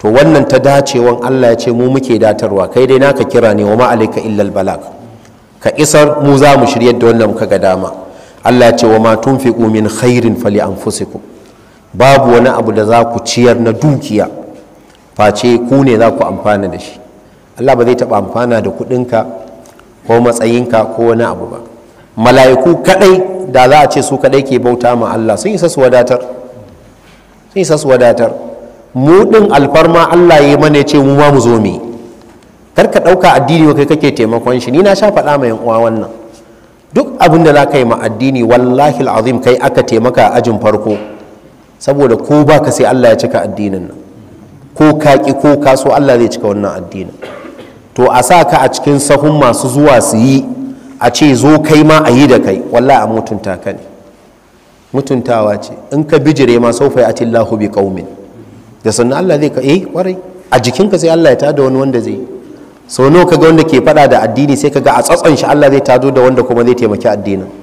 to wannan ta dacewan Allah ya ce mu muke datarwa kai dai naka kira ne wa ma illal balag ka isar mu za mu shiryar da wannan muka ga dama Allah ya ce wa ma tunfiqu min khairin fali anfusikum babu wani abu da za ku ciyar na dukiya face ku ne za ku amfana da shi Allah ba zai taba amfana da kuɗinka ko matsayinka ko wani abu ba mala'iku kadai da za a ce su kadai ke bauta ma Allah sun isa su wadatar sun isa su wadatar mu ɗin alfarma Allah ya mana ce mu ma mu zo mu kar ka ɗauka addini kai kake taimakon shi ni na sha faɗa ma yan uwa wannan duk abin da za ka yi ma addini wallahi azim kai aka taimaka a ajin farko saboda ko ba ka sai Allah ya cika addinin nan ko ka ki ko ka so Allah zai cika wannan addinin to a sa ka a cikin sahun masu zuwa su yi a ce zo kai ma a yi da kai wallahi a mutunta ka ne mutuntawa ce in ka bijire ma saufai atillahu bi qaumin da sannan Allah zai ka eh kwarai a jikinka sai Allah ya tada wani wanda zai sau kaga wanda ke fada da addini sai kaga a tsatson shi Allah zai tado da wanda kuma zai taimaki addinin